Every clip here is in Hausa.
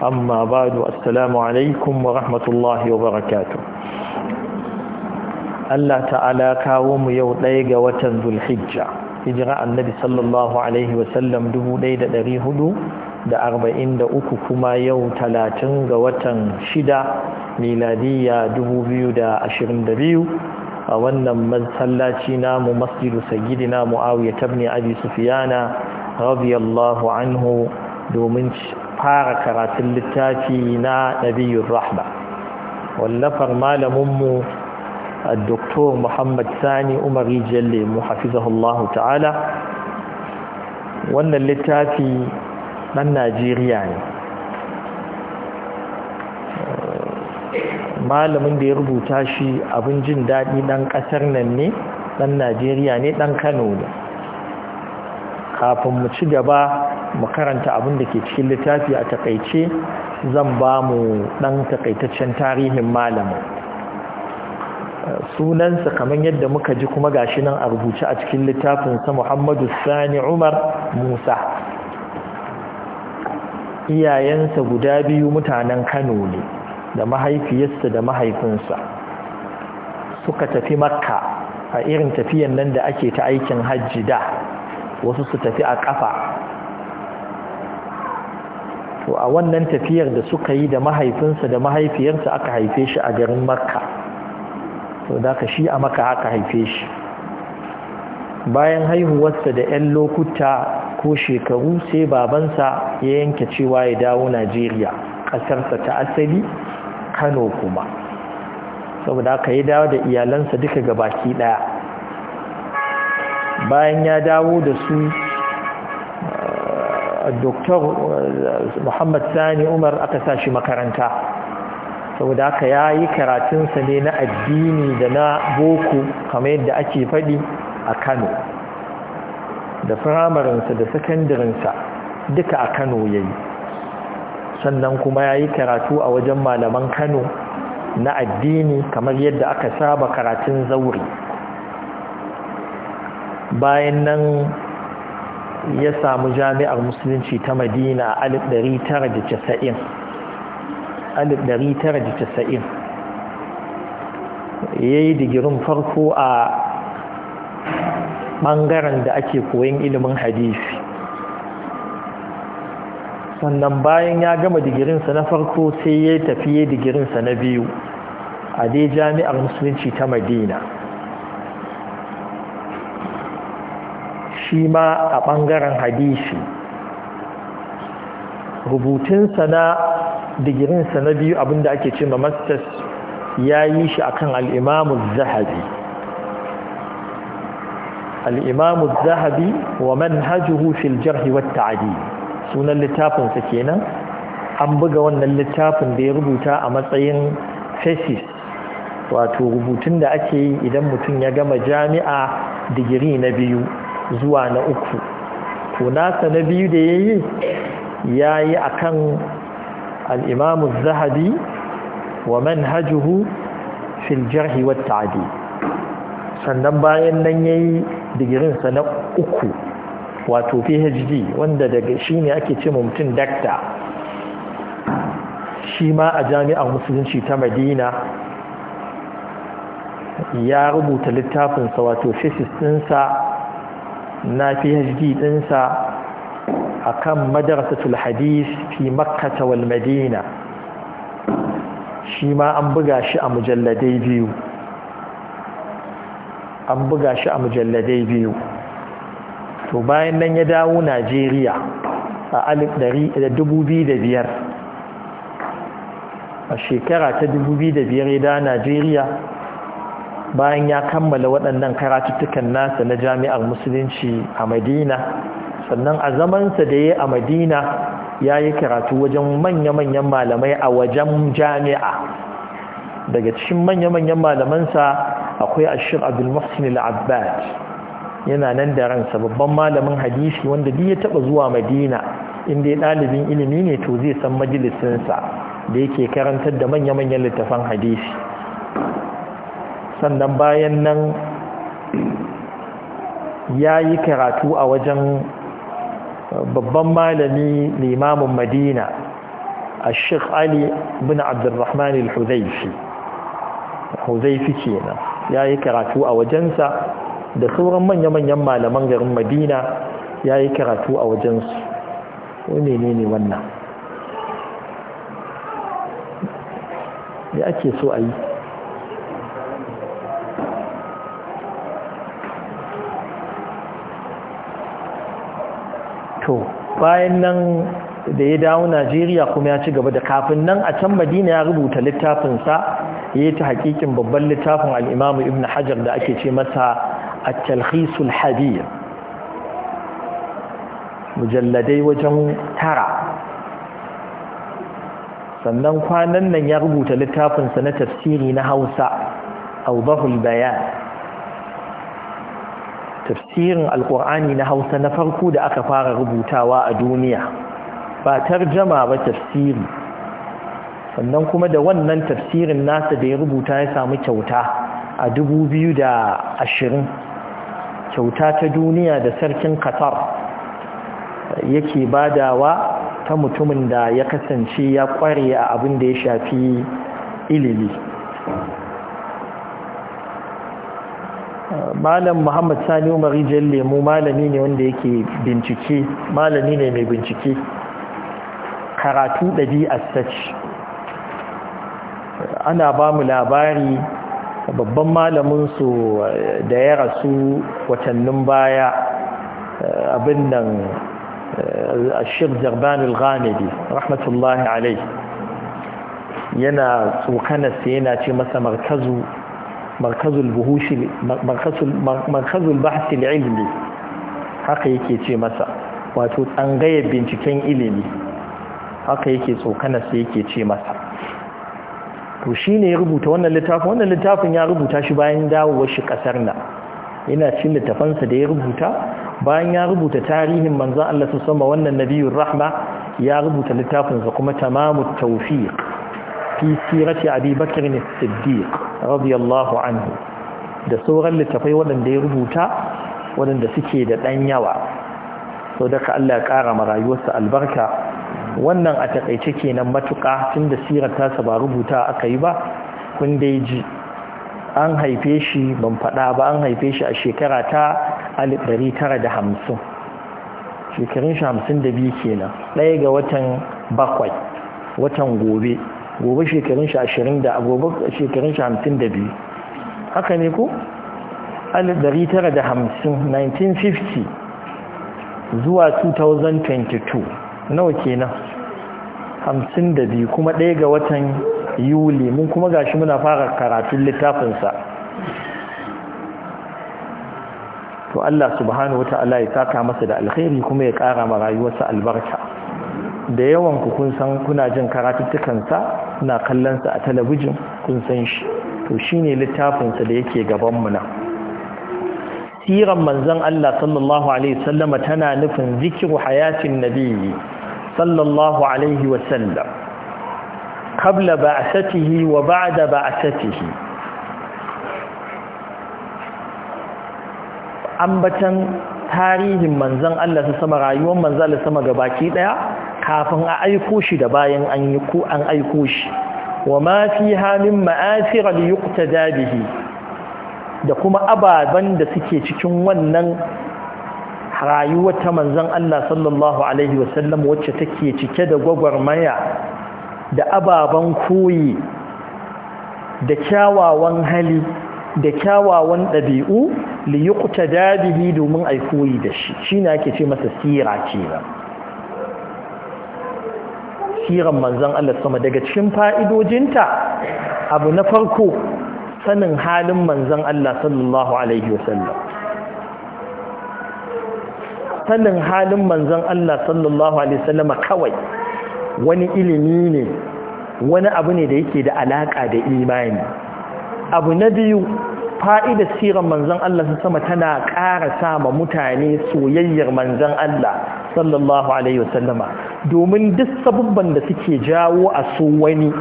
amma ba da assalamu alaikum wa rahmatullahi wa barakatu Allah ta'ala kawo mu yau ɗaya ga watan zulhijja hijira annabi sallallahu alaihi da 1443 kuma yau talatin ga watan shida miladiya ashirin da biyu a wannan masallaci namu masjidu sagidi namu awiyar tabni abi sufiyana rabiyallahu anhu domin fara karatun littafi na nabiyyun rahma wallafar malaminmu الدكتور Muhammad Sani umar rijiyar محفظه الله ta'ala wannan littafi ɗan najeriya ne malamin da ya rubuta shi abin jin daɗi ɗan ƙasar nan ne ɗan najeriya ne ɗan kano ne kafin mu ci gaba mu karanta abin da ke cikin littafi a takaice zan ba mu dan takaitaccen tarihin malamin sunansa kamar yadda muka ji kuma gashi nan a rubuce a cikin littafin littafinsa muhammadu sani umar musa iyayensa guda biyu mutanen kano ne da mahaifiyarsa da mahaifinsa suka tafi makka a irin tafiyan nan da ake ta aikin hajji da wasu su tafi a kafa to a wannan tafiyar da suka yi da mahaifinsa da mahaifiyarsa aka haife shi a garin makka to da shi a maka aka haife shi bayan haihuwarsa da 'yan lokuta ko shekaru sai babansa ya yanke cewa ya dawo najeriya ƙasarsa ta asali kano kuma saboda aka yi dawo da iyalansa duka ga baki ɗaya bayan ya dawo da su doktor muhammad sani umar aka sa shi makaranta saboda haka ya yi sa ne na addini da na boko kamar yadda ake faɗi a kano da firamarinsa da sakandarensa duka a kano yayi sannan kuma ya yi karatu a wajen malaman kano na addini kamar yadda aka saba karatun zauri bayan nan ya samu jami'ar musulunci ta madina 1990 ya yi digirin farko a ɓangaren da ake koyin ilimin hadisi sannan bayan ya gama digirinsa na farko sai ya tafi digirinsa na biyu a dai jami'ar musulunci ta madina shi ma a ɓangaren hadisi rubutunsa na digirinsa na biyu abinda ake ce masters ya yi shi a kan al'imamu zahabi al'imamu zahabi wa manhajuhu fil jarhi wa ta'adi sunan littafinsa kenan an buga wannan littafin da ya rubuta a matsayin fesis wato rubutun da ake yi idan mutum ya gama jami'a digiri na biyu zuwa na uku to nasa na biyu da ya yi ya yi a kan al'imamu zahabi wa manhajuhu fil jarhi wa sannan bayan nan ya yi digirinsa na uku wato phd wanda daga shi ne ake ce mutum dakta shi ma a jami'ar musulunci ta madina ya rubuta littafinsa wato thesis ɗinsa na PhD ɗinsa a kan madarasatul hadis fi makkata wal madina shi ma an buga shi a mujalladai biyu an buga shi a mujalladai biyu to bayan nan ya dawo najeriya a 2005 a shekara ta 2005 ya da najeriya bayan ya kammala waɗannan karatuttukan nasa na jami'ar musulunci a madina sannan a zamansa da ya a madina ya yi karatu wajen manya-manyan malamai a wajen jami'a daga cikin manya-manyan malamansa akwai ashir abdulmuhsin al'abbad yana nan da ransa babban malamin hadisi wanda duk ya taɓa zuwa madina inda ya ɗalibin ilimi ne to zai san majalisinsa da yake karantar da manya-manyan littafan hadisi sannan bayan nan ya yi karatu a wajen babban malami limamin madina a shek ali bin abdurrahman al-huzaifi huzaifi kenan ya yi karatu a wajensa da sauran manya-manyan malaman garin madina ya yi karatu a wajensu wani ne ne wannan ya ake so a yi to bayan nan da ya dawo Najeriya kuma ya ci gaba da kafin nan a can Madina ya rubuta littafinsa ya yi ta hakikin babban littafin al'imamu Ibn Hajar da ake ce masa a talhisul habir mujalladai wajen tara sannan kwanan nan ya rubuta littafinsa na tafsiri na Hausa audahul bayan tafsirin alkur'ani na hausa na farko da aka fara rubutawa a duniya ba tarjama ba tafsiri sannan kuma da wannan tafsirin nasa da ya rubuta ya samu kyauta a biyu da ashirin kyauta ta duniya da sarkin qatar yake badawa ta mutumin da ya kasance ya kware a abin da ya shafi ilimi malam muhammad sani umar lemu malami ne wanda yake bincike malami ne mai bincike karatu a sace ana ba mu labari babban malaminsu eh, da ya rasu watannin baya eh, abin nan ashir eh, jarbanul ghanadi rahmatullahi alai yana tsokanarsa yana ce masa markazu markazul buhushi ilimi bahsi ilmi haka yake ce masa wato tsangayar binciken ilimi haka yake tsokana sai yake ce masa to ne ya rubuta wannan littafin wannan littafin ya rubuta shi bayan dawowa shi kasar na yana cikin littafansa da ya rubuta bayan ya rubuta tarihin manzon Allah su sama wannan nabiyur rahma ya rubuta littafinsa kuma tamamut tawfiq في سيرة أبي بكر الصديق رضي الله عنه da sauran littafai waɗanda ya rubuta waɗanda suke da ɗan yawa sau daga Allah ƙara marayuwarsa albarka wannan a taƙaice kenan matuƙa tun da sirar tasa ba rubuta aka yi ba kun dai ji an haife shi ban faɗa ba an haife shi a shekara ta 1950 shekarun shi 52 kenan ɗaya ga watan bakwai watan gobe gobe shekarun shi ashirin da gobe shekarun shi hamsin da biyu haka ne ku? alif dari tara da hamsin 1950 zuwa 2022 nawa kenan hamsin da biyu kuma ɗaya ga watan yuli mun kuma gashi muna fara karatun littafinsa to Allah subhanahu wa ta'ala ya saka masa da alkhairi kuma ya kara ma rayuwarsa albarka da yawan ku kun san kuna jin karatuttukansa kuna kallon sa a talabijin kun san shi to shine littafin sa da yake gaban mu na siran manzon Allah sallallahu alaihi wasallama tana nufin zikru hayatin nabiyyi sallallahu alaihi wasallam qabla ba'satihi wa ba'da ba'satihi ambatan tarihin Manzon Allah alaihi sama rayuwar manzon Allah sama ga baki daya kafin a aiko shi da bayan an yi ko an aiko shi wa ma fi halin ma'asir da yuqtada bihi da kuma ababan da suke cikin wannan rayuwar ta manzon Allah sallallahu alaihi wasallam wacce take cike da gwagwarmaya da ababan koyi da kyawawan hali da kyawawan ɗabi'u li yuqtada bihi domin aikoyi da shi shine ake ce masa sira kenan basiran manzan Allah sama daga cikin fa'idojinta abu na farko sanin halin manzan Allah sallallahu alaihi wasallam sanin halin manzan Allah sallallahu alaihi wasallam kawai wani ilimi ne wani abu ne da yake da alaƙa da imani abu na biyu fa'ida siran manzan Allah su sama tana ƙara sama mutane soyayyar manzan Allah sallallahu Alaihi wasallama domin duk sabubban da suke jawo a su wani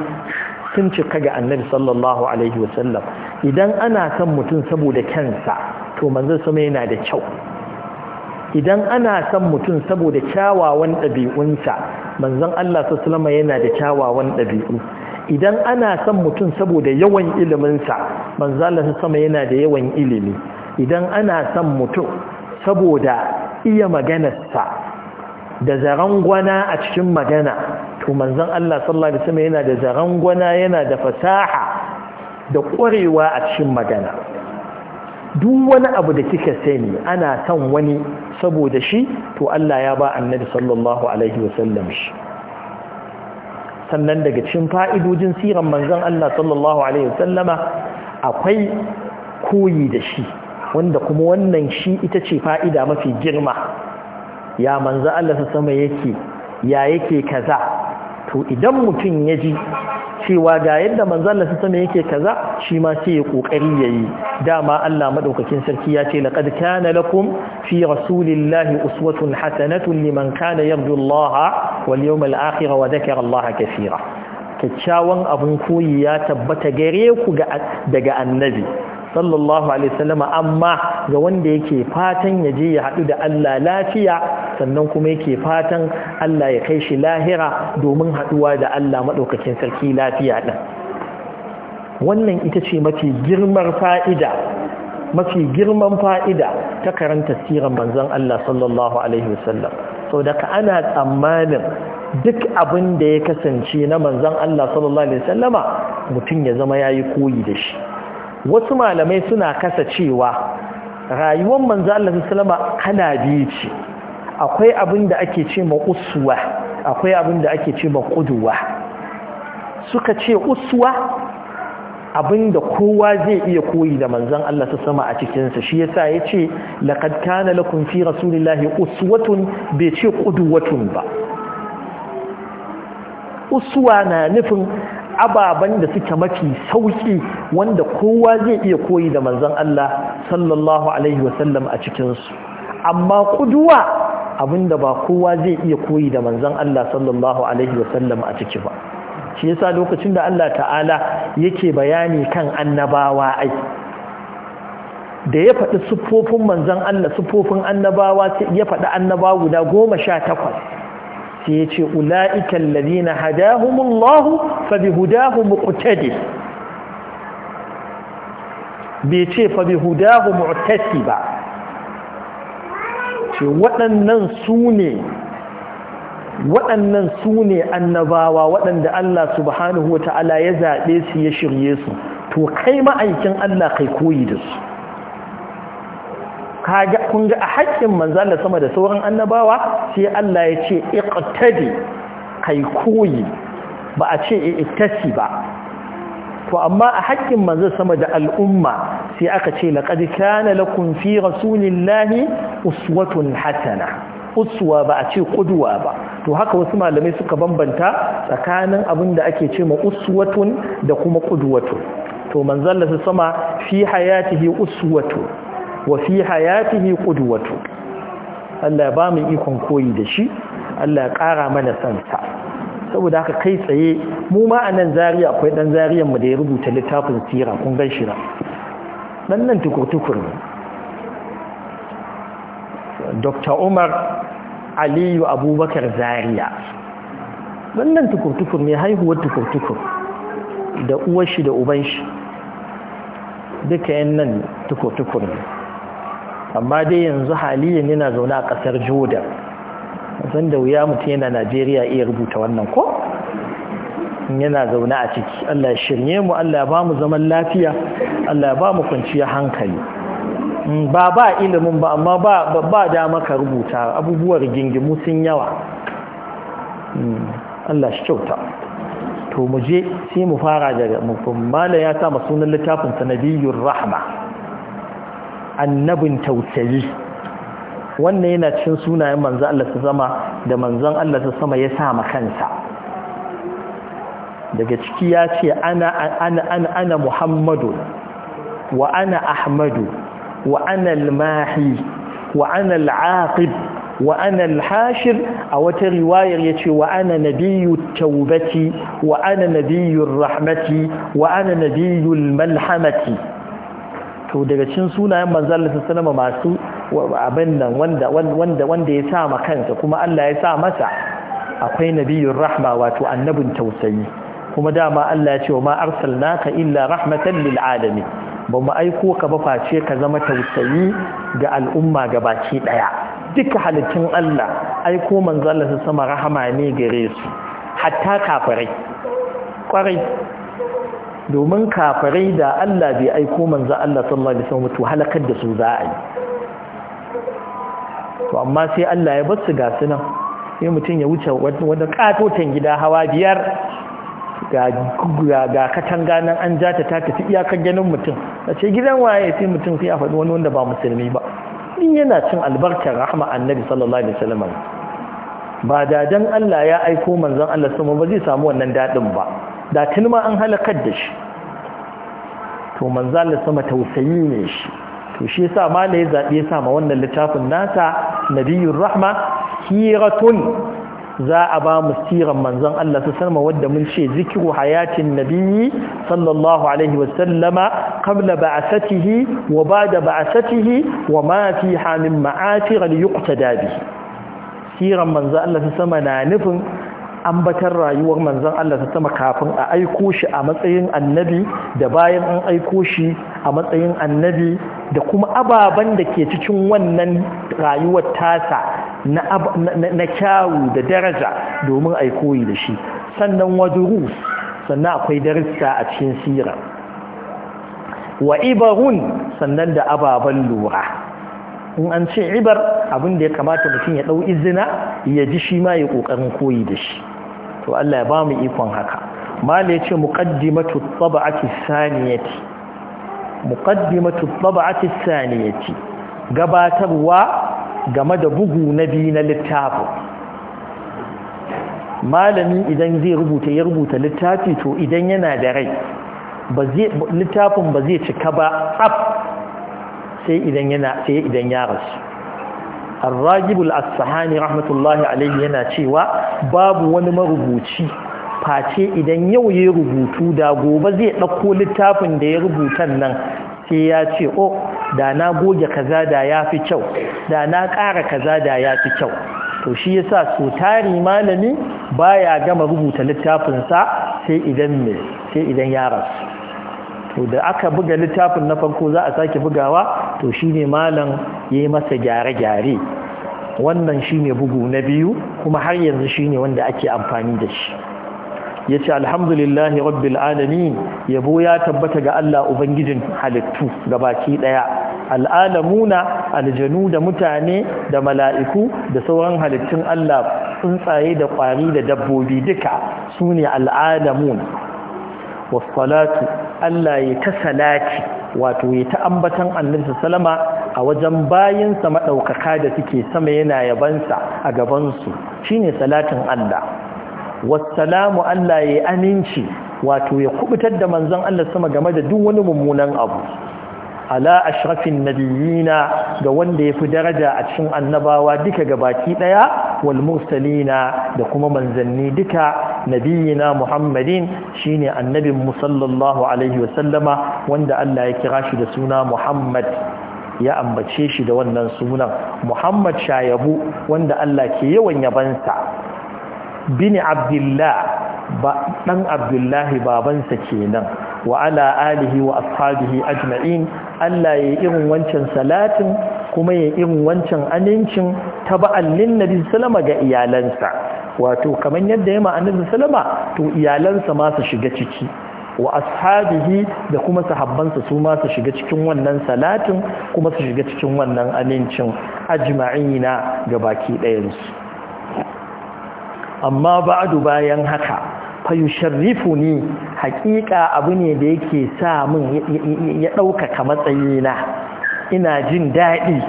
sun cika ga annabi sallallahu alaihi wasallam idan ana son mutum saboda kyansa to manzon sama yana da kyau idan ana son mutum saboda kyawawan ɗabi'unsa manzon Allah sallama yana da kyawawan ɗabi'u idan ana son mutum saboda yawan iliminsa manzon Allah sallama yana da yawan ilimi idan ana son mutum saboda iya maganarsa da gwana a cikin magana to manzon Allah sallallahu alaihi wasallam yana da gwana yana da fasaha da ƙwarewa a cikin magana duk wani abu da kike sani ana son wani saboda shi to Allah ya ba annabi sallallahu alaihi wasallam shi sannan daga cikin fa'idojin siran manzon Allah sallallahu alaihi wasallama akwai koyi da shi wanda kuma wannan shi ita ce fa'ida mafi girma ya manzo Allah sama yake ya yake kaza to idan mutum ya ji cewa ga yadda manzo Allah sama yake kaza shi ma sai ya kokari yayi dama Allah madaukakin sarki ya ce laqad kana lakum fi rasulillahi uswatun hasanatun liman kana yarju Allah wal yawmal akhir wa dhakara Allah kaseera kyakkyawan abun koyi ya tabbata gare ku daga annabi sallallahu alaihi wasallama amma ga wanda yake fatan ya je ya haɗu da Allah lafiya sannan kuma yake fatan Allah ya kai shi lahira domin haɗuwa da Allah maɗaukakin sarki lafiya ɗin wannan ita ce mafi girmar fa'ida mafi girman fa'ida ta karanta siran manzon Allah sallallahu alaihi wasallam sau daga ana tsammanin duk abin da ya kasance na manzan Allah sallallahu Alaihi wasallama mutum ya zama ya yi koyi da shi wasu malamai suna kasa cewa rayuwar manzo Allah sallama kana biyu ce akwai abin da ake ce ma uswa akwai abin da ake ce ma suka ce uswa abin da kowa zai iya koyi da manzon Allah sama a cikin sa shi yasa yace laqad kana lakum fi rasulillahi uswatun bai ce qudwatun ba uswa na nufin ababen da suke mafi sauki wanda kowa zai iya koyi da manzon Allah sallallahu alaihi wasallam a cikinsu amma kuduwa abinda ba kowa zai iya koyi da manzon Allah sallallahu alaihi wasallam a ciki ba shi yasa lokacin da Allah ta'ala yake bayani kan annabawa ai da ya faɗi siffofin manzon Allah siffofin annabawa ya faɗi annabawa guda goma sha takwas sai ya ce ula'ikan ladina hadahumullahu fabihudahu muqtadi bai ce fabihudahu mu'tasi ba ce waɗannan su ne waɗannan su ne annabawa waɗanda Allah subhanahu wa ta'ala ya zaɓe su ya shirye su to kai ma'aikin Allah kai koyi da su kaga kun ga a haƙƙin manzo Allah sama da sauran annabawa sai Allah ya ce iqtadi kai koyi ba a ce iqtasi ba to amma a haƙƙin manzo sama da al'umma sai aka ce laqad kana lakum fi rasulillahi uswatun hasana uswa ba a ce kudwa ba to haka wasu malamai suka bambanta tsakanin abin da ake ce ma uswatun da kuma qudwatun to manzo Allah sama fi hayatihi uswatun wa fi hayatihi qudwatu Allah ba mu ikon koyi da shi Allah ya ƙara mana sansa saboda haka kai tsaye mu ma a nan zariya akwai ɗan zariyan mu da ya rubuta littafin sira kun gan shi na ɗan nan tukur ne dr umar aliyu abubakar zariya ɗan nan tukur-tukur ne haihuwar tukur da uwar shi da uban shi duka yan nan tukur ne amma dai yanzu haliyan yana zaune a ƙasar jordan zan da wuya mutum yana najeriya iya rubuta wannan ko yana zaune a ciki allah shirye mu allah ba mu zaman lafiya allah ba mu kwanciya hankali ba ba ilimin ba amma ba dama ka rubuta abubuwar gingimu sun yawa hmm, allah shi kyauta to mu je sai mu fara daga mala ya sa sunan littafin sanadiyyar rahma annabin tausayi wannan yana cin sunayen manzan Allah su zama da manzan Allah su sama ya ma kansa daga ciki ya ce ana muhammadu wa ana ahmadu wa ana almahi wa ana al'aqib wa ana al-hashir a wata riwayar yace wa ana nabiyyu Taubati, wa ana nabiyyu rahmati wa ana nabiyyu malhamati to daga cin sunayen manzan Allah masu abin nan wanda ya sa ma kansa kuma Allah ya sa masa akwai nabiyun rahma wato annabin tausayi kuma dama Allah ya ce wa ma naka illa rahmatan lil ba mu aiko ka ba face ka zama tausayi ga al'umma ga baki ɗaya duka halittun Allah aiko manzan Allah sama rahama ne gare su hatta kafirai kwarai domin kafirai da Allah bai aiko manzo Allah sallallahu alaihi wasallam to halakar da su za a yi to amma sai Allah ya bar su ga su nan sai mutum ya wuce wanda katotan gida hawa biyar ga ga katanga nan an ja ta ta tafi iyakar ganin mutum a ce gidan waye sai mutum sai a faɗi wani wanda ba musulmi ba din yana cin albarkar rahma annabi sallallahu alaihi wasallam ba da Allah ya aiko manzon Allah wasallam ba zai samu wannan dadin ba da tuni an halakar da shi to manzo sama tausayi ne shi to shi yasa malai zabi ya sama wannan littafin nasa nabiyur rahma hiratun za a ba mu siran manzon Allah su sanma wadda mun ce zikiru hayatin nabiyyi sallallahu alaihi wasallama qabla ba'athatihi wa ba'da ba'asatihi wa ma fi min ma'atir al-yuqtada siran manzon Allah su sama na nufin An batar rayuwar manzon Allah ta sama kafin a aiko shi a matsayin annabi da bayan an aiko shi a matsayin annabi da kuma ababen da ke cikin wannan rayuwar tasa na kyawu da daraja domin a koyi da shi sannan wadurus sannan akwai darista a cikin sira wa ibarun sannan da ababen lura in an ce ibar abin da ya kamata mutum ya ɗau izina ya ji shi ma ya ƙoƙarin koyi da shi to Allah ya ba mu ikon haka mala ya ce muqaddimatu tab'ati saniyati muqaddimatu tab'ati saniyati gabatarwa game da bugu na biyu na littafin malami idan zai rubuta ya rubuta littafi to idan yana da rai littafin ba zai cika ba tsaf sai idan yana sai idan ya rasu arragibul الأصفهاني رحمة rahmatullahi alayhi yana cewa babu wani marubuci face idan yau ya rubutu da gobe zai ɗauko littafin da ya rubutan nan sai ya ce o da na goge kaza da ya fi kyau da na ƙara kaza da ya fi kyau to shi yasa so tari malami baya gama rubuta littafinsa sai idan me sai idan ya rasu to da aka buga littafin na farko za a sake bugawa to shine malam ya yi masa gyare-gyare wannan shine bugu na biyu kuma har yanzu shine wanda ake amfani da shi ya ce alhamdulillahi rabbi alamin yabo ya tabbata ga Allah ubangijin halittu ga ɗaya. ɗaya al'alamuna aljanu da mutane da mala'iku da sauran halittun Allah tsuntsaye da ƙwari da dabbobi duka su ne al'alamun wasu Allah ya ta salati wato ya ta ambatan annabi sallama a wajen bayinsa maɗaukaka da suke sama yana yabansa a gabansu, su shine salatin Allah wassalamu Allah ya aminci wato ya kubutar da manzon Allah sama game da duk wani mummunan abu ala ashrafin nabiyina ga wanda ya fi daraja a cikin annabawa duka gabaki daya wal mursalina da kuma manzanni duka nabiyina muhammadin shine annabin mu sallallahu alaihi wa sallama wanda Allah ya kira shi da suna muhammad ya ambace shi da wannan sunan muhammad shayabu wanda Allah ke yawan yabansa bin abdullah ba dan abdullahi babansa kenan wa ala alihi wa ashabihi ajma'in Allah ya irin wancan salatin kuma ya irin wancan amincin ta lin nabi sallama ga iyalansa wato kamar yadda ya ma'anar sallama to iyalansa ma su shiga ciki wa ashabihi da kuma sahabbansa su ma su shiga cikin wannan salatin kuma su shiga cikin wannan amincin ajma'ina ga baki ɗayansu amma ba'du bayan haka fa yusharrifuni haƙiƙa abu ne da yake sa min ya ɗaukaka matsayina ina jin daɗi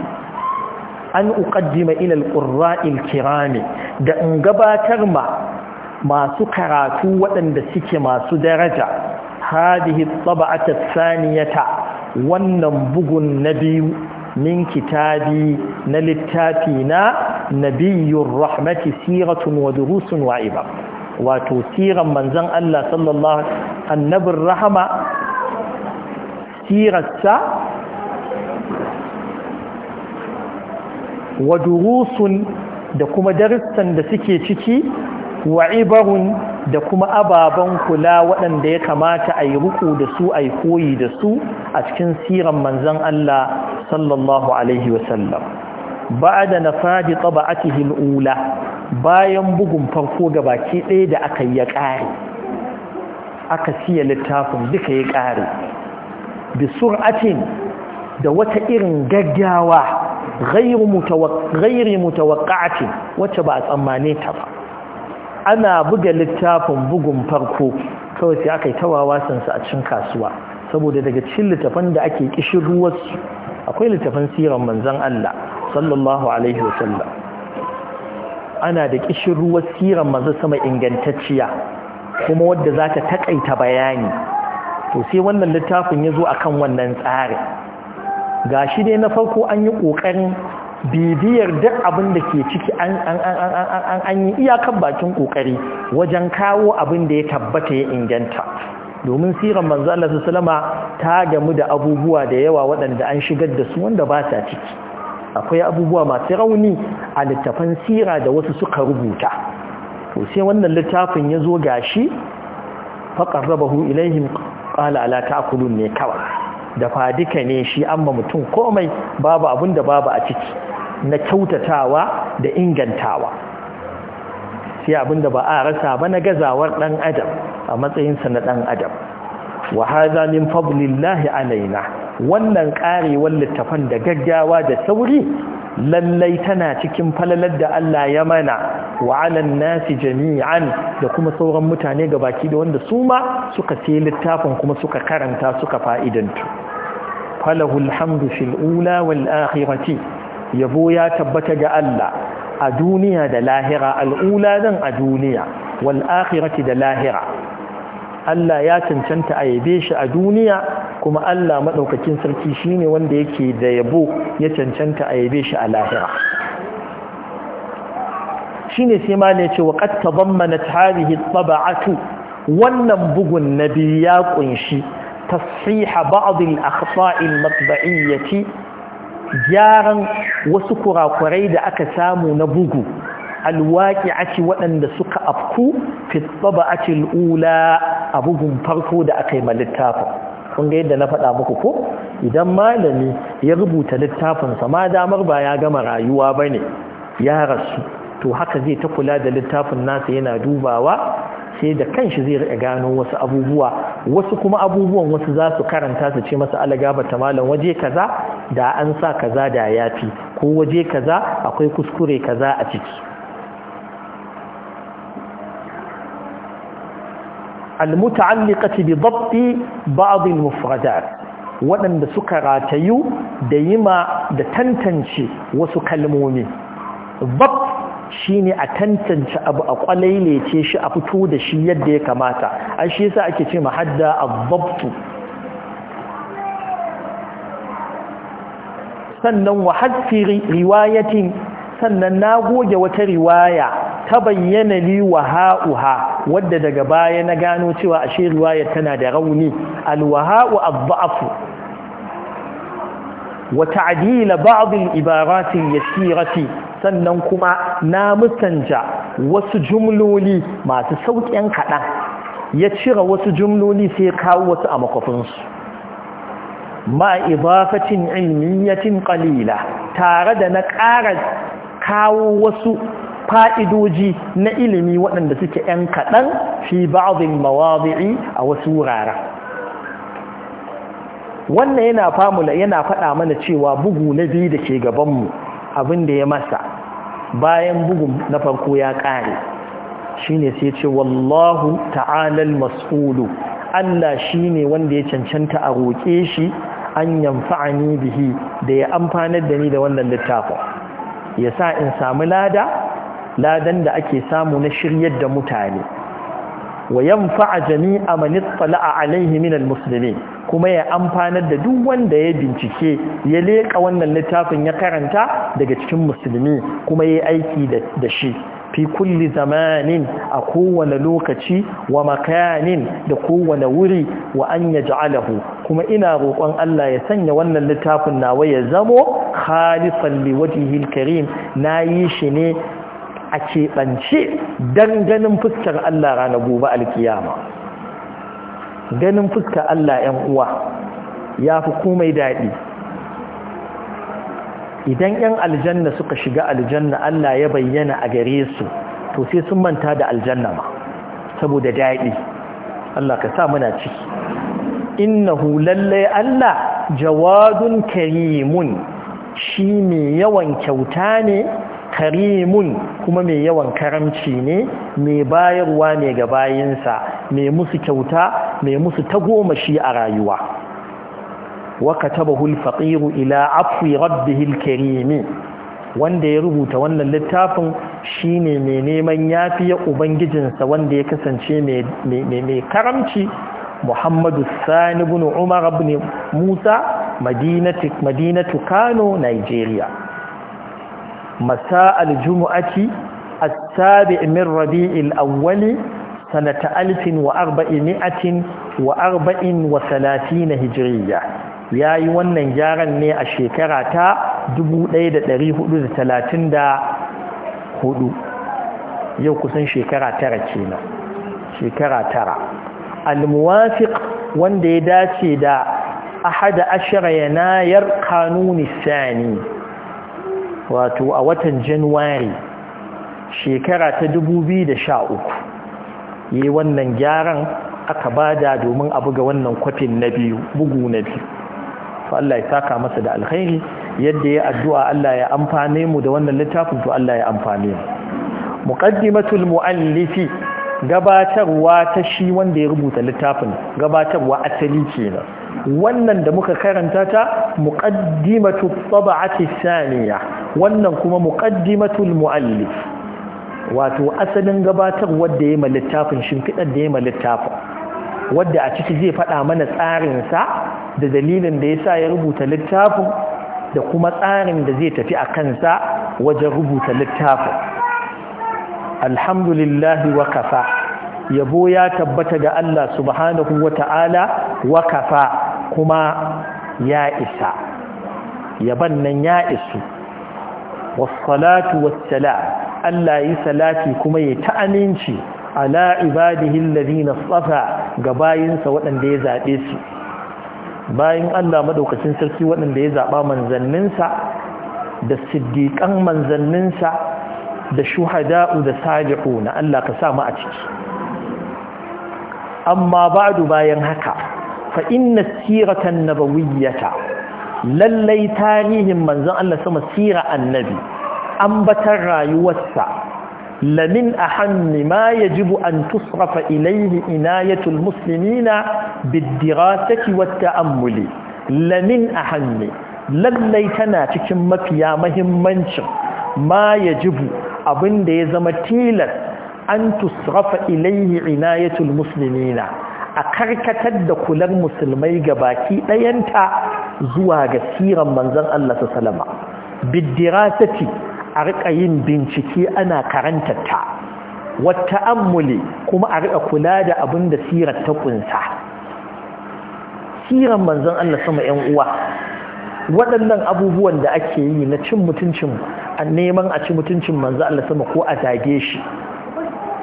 an uƙaddima ilal ƙurra'il kirami da in gabatar ma masu karatu waɗanda suke masu daraja hadihi tsaba'ata saniyata wannan bugun na biyu min kitabi na littafi na nabiyyun rahmati siratun wa durusun wa'iba wato siran manzan Allah sallallahu annabin rahama sirarsa wa durusun da kuma darussan da suke ciki wa ibarun da kuma ababen kula waɗanda ya kamata a yi ruku da su a koyi da su a cikin siran manzan Allah sallallahu Alaihi wasallam. ba'da nafadi taba'atihi al-ula bayan bugun farko ga baki ɗaya da aka yi ƙare aka siya littafin duka ya ƙare bi sur'atin da wata irin gaggawa ghairi mutawaqqati wacce ba a tsammane ta ba ana buga littafin bugun farko kawai sai aka yi tawawa sansa a cikin kasuwa saboda daga cikin littafan da ake kishin ruwa akwai littafan siran manzon Allah sallallahu alaihi wasallam ana da kishirwa ruwa siran manzo sama ingantacciya kuma wadda zata taƙaita takaita bayani to sai wannan littafin ya zo akan wannan tsarin gashi shi ne na farko an yi ƙoƙarin bibiyar duk abin da ke ciki an yi iyakar bakin ƙoƙari wajen kawo abin da ya tabbata ya inganta domin siran manzo Allah wasallama ta gamu da abubuwa da yawa waɗanda an shigar da su wanda ba sa ciki akwai abubuwa masu rauni a littafan sira da wasu suka rubuta to sai wannan littafin ya zo gashi rabahu, ilaihim qala ala ta'kulun ne kawa. da fa duka ne shi amma mutum komai babu abun da babu a ciki na kyautatawa da ingantawa sai abin da ba a rasa ba na gazawar ɗan adam a matsayinsa na ɗan adam wa hadha min fadlillahi alaina wannan karewar littafan da gaggawa da sauri lallai tana cikin falalar da Allah ya mana wa alan nasi jami'an da kuma sauran mutane ga baki da wanda su ma suka ce littafin kuma suka karanta suka fa'idantu falahul hamdu fil ula wal akhirati yabo ya tabbata ga Allah a duniya da lahira al'ula dan a duniya wal akhirati da lahira Allah ya cancanta a yabe shi a duniya kuma Allah maɗaukakin sarki shi ne wanda yake da yabo ya cancanta a yabe shi a lahira Shine sai ma yace ce wa ƙatta ban mana tarihi wannan bugun na biyu ya ƙunshi tasriha ba'adun akhsa'in matba'iyyati gyaran wasu kurakurai da aka samu na bugu alwaƙi aci waɗanda suka afku fitsaba ake l'ula a bugun farko da aka yi littafin kun ga yadda na faɗa muku ko idan malami ya rubuta littafinsa ma damar ba ya gama rayuwa ba ne ya rasu to haka zai ta kula da littafin nasa yana dubawa sai da kanshi zai riƙa gano wasu abubuwa wasu kuma abubuwan wasu za su karanta su ce masa alagabata ta malam waje kaza da an sa kaza da yafi ko waje kaza akwai kuskure kaza a ciki almuta'alliqati bi dabti ba'd al-mufradat waɗanda suka ratayu da yima da tantance wasu kalmomi bab shine a tantance abu a kwalailece shi a fito da shi yadda ya kamata ai shi yasa ake ce mahadda ad sannan wa hadfi riwayatin sannan na goge wata riwaya ta bayyana li wa wadda daga baya na gano cewa ashe riwaya tana da rauni alwaha'u adda'afu wa ta'dil ba'd al-ibarat al-yasirati sannan kuma na musanja wasu jumloli masu sauƙin kaɗan ya cire wasu jumloli sai kawo wasu a makwafinsu ma idafatin ilmiyatin qalila tare da na ƙara kawo wasu fa'idoji na ilimi waɗanda suke ‘yan kaɗan fi ba'adin mawazi'i a wasu wurare. Wannan yana famula yana faɗa mana cewa bugu na biyu da ke gabanmu abin da ya masa bayan bugu na farko ya ƙare shi ne sai ce wallahu ta'alal mas'ulu Allah shi ne wanda ya cancanta a roƙe shi an yamfa'ani bihi da ya amfanar da ni da wannan littafin. ya sa in samu lada ladan da ake samu na shiryar da mutane wa a jami'a man a alaihi minal musulmi. kuma ya amfanar da duk wanda ya bincike ya leƙa wannan littafin ya karanta daga cikin musulmi kuma ya aiki da shi fi kulli zamanin a kowane lokaci wa makanin da kowane wuri wa an yaj'alahu kuma ina roƙon Allah ya sanya wannan littafin nawa ya zamo khalisan li karim karim yi shi ne a keɓance dan ganin fuskar Allah ranar gobe alkiyama ganin fuskar Allah 'yan uwa ya fi komai daɗi idan 'yan aljanna suka shiga aljanna Allah ya bayyana a gare su to sai sun manta da aljanna ma saboda daɗi Allah ka sa muna ciki innahu lallai Allah jawadun karimun shi mai yawan kyauta ne karimun kuma mai yawan karamci ne mai bayarwa ne ga bayansa. mai musu kyauta mai musu shi a rayuwa Wa وكتبه ila afwi rabbihi al karimi wanda ya rubuta wannan littafin shine mai neman yafiya ubangijinsa wanda ya kasance mai karamci muhammadu sani bin umar abin musa madinatu kano nigeria masa'ar juma'aci a sabi min rabi'il awwali sanata alifin wa arba'in ni'atin wa arba'in wa salati na hijiriya ya yi wannan gyaran ne a shekara ta 1434 yau kusan shekara tara kenan shekara tara al-muwafiq wanda ya dace da ahada ashara yanayar kanuni sani wato a watan januwari shekara ta 2013 yi wannan gyaran aka bada domin a buga wannan kwafin na biyu bugu na biyu Allah ya saka masa da alkhairi yadda ya addu'a Allah ya amfane mu da wannan littafin to Allah ya amfane mu muqaddimatul muallifi gabatarwa ta shi wanda ya rubuta littafin gabatarwa asali kenan wannan da muka karanta ta muqaddimatu tab'ati thaniya wannan kuma muqaddimatu almuallif wato asalin gabatarwar da ya ma littafin shimfiɗar da ya ma littafin wadda a ciki zai faɗa mana tsarinsa da dalilin da ya sa ya rubuta littafin da kuma tsarin da zai tafi a kansa wajen rubuta littafin alhamdulillahi wa kafa yabo ya tabbata ga Allah subhanahu wa ta'ala wa kafa kuma ya isa yaban nan ya isu wassalatu wassalam Allah yi salati kuma ya ta aminci ala ibadihi alladhina tsafa ga bayinsa waɗanda ya zaɓe su bayin Allah maɗaukacin sarki waɗanda ya zaɓa manzanninsa da siddiƙan manzanninsa da shuhada'u da na Allah ka samu a ciki amma ba'du bayan haka fa inna siratan nabawiyyata lallai tarihin manzon Allah sama sira annabi ambatar rayuwarsa lamin ahammi ma yajibu an tusrafa ilayhi inayatul muslimina Biddira dirasati lamin ahammi lallai tana cikin mafiya mahimmancin ma yajibu abin da ya zama tilas an tusrafa ilaihi inayatul muslimina a karkatar da kular musulmai ga baki ɗayanta zuwa ga siran manzon Allah su salama ce a riƙa yin bincike ana karantarta wata ammuli kuma a riƙa kula da abin da sirar ta kunsa siran manzon Allah sama 'yan uwa waɗannan abubuwan da ake yi na cin mutuncin a neman a ci mutuncin manzo Allah sama ko a zage shi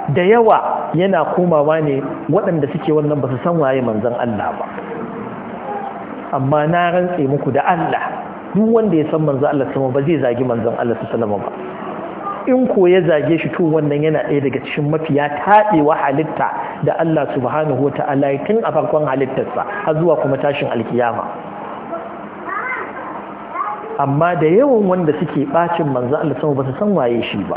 da yawa yana komawa ne waɗanda suke wannan ba su san waye manzon Allah ba amma na rantse muku da Allah duk wanda ya san manzo Allah sama ba zai zagi manzon Allah sallama ba in ko ya zage shi to wannan yana ɗaya daga cikin mafiya taɗewa halitta da Allah subhanahu wa ta'ala tun a farkon halittarsa har zuwa kuma tashin alkiyama amma da yawan wanda suke bacin manzan Allah sama ba su san waye shi ba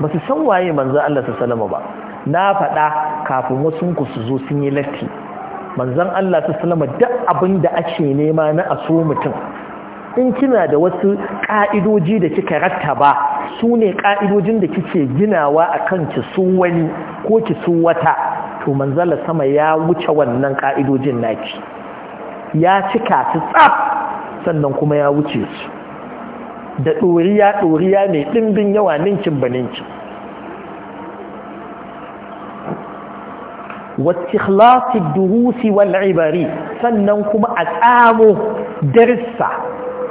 ba su san waye manzan Allah salama ba na faɗa kafin wasu ku su zo sun yi latti manzan Allah su salama duk abin da ake nema na aso mutum in kina da wasu ƙa'idoji da kika rattaba su ne ƙa'idojin da kike ginawa akan ki su wani ko ki su wata to manzala sama ya wuce wannan ƙa'idojin naki ya cika su tsaf sannan kuma ya wuce su da ɗoriya ɗoriya mai ɗimbin yawa ninkin ba ninkin wattikhlasi durusi wal'ibari sannan kuma a tsamo darissa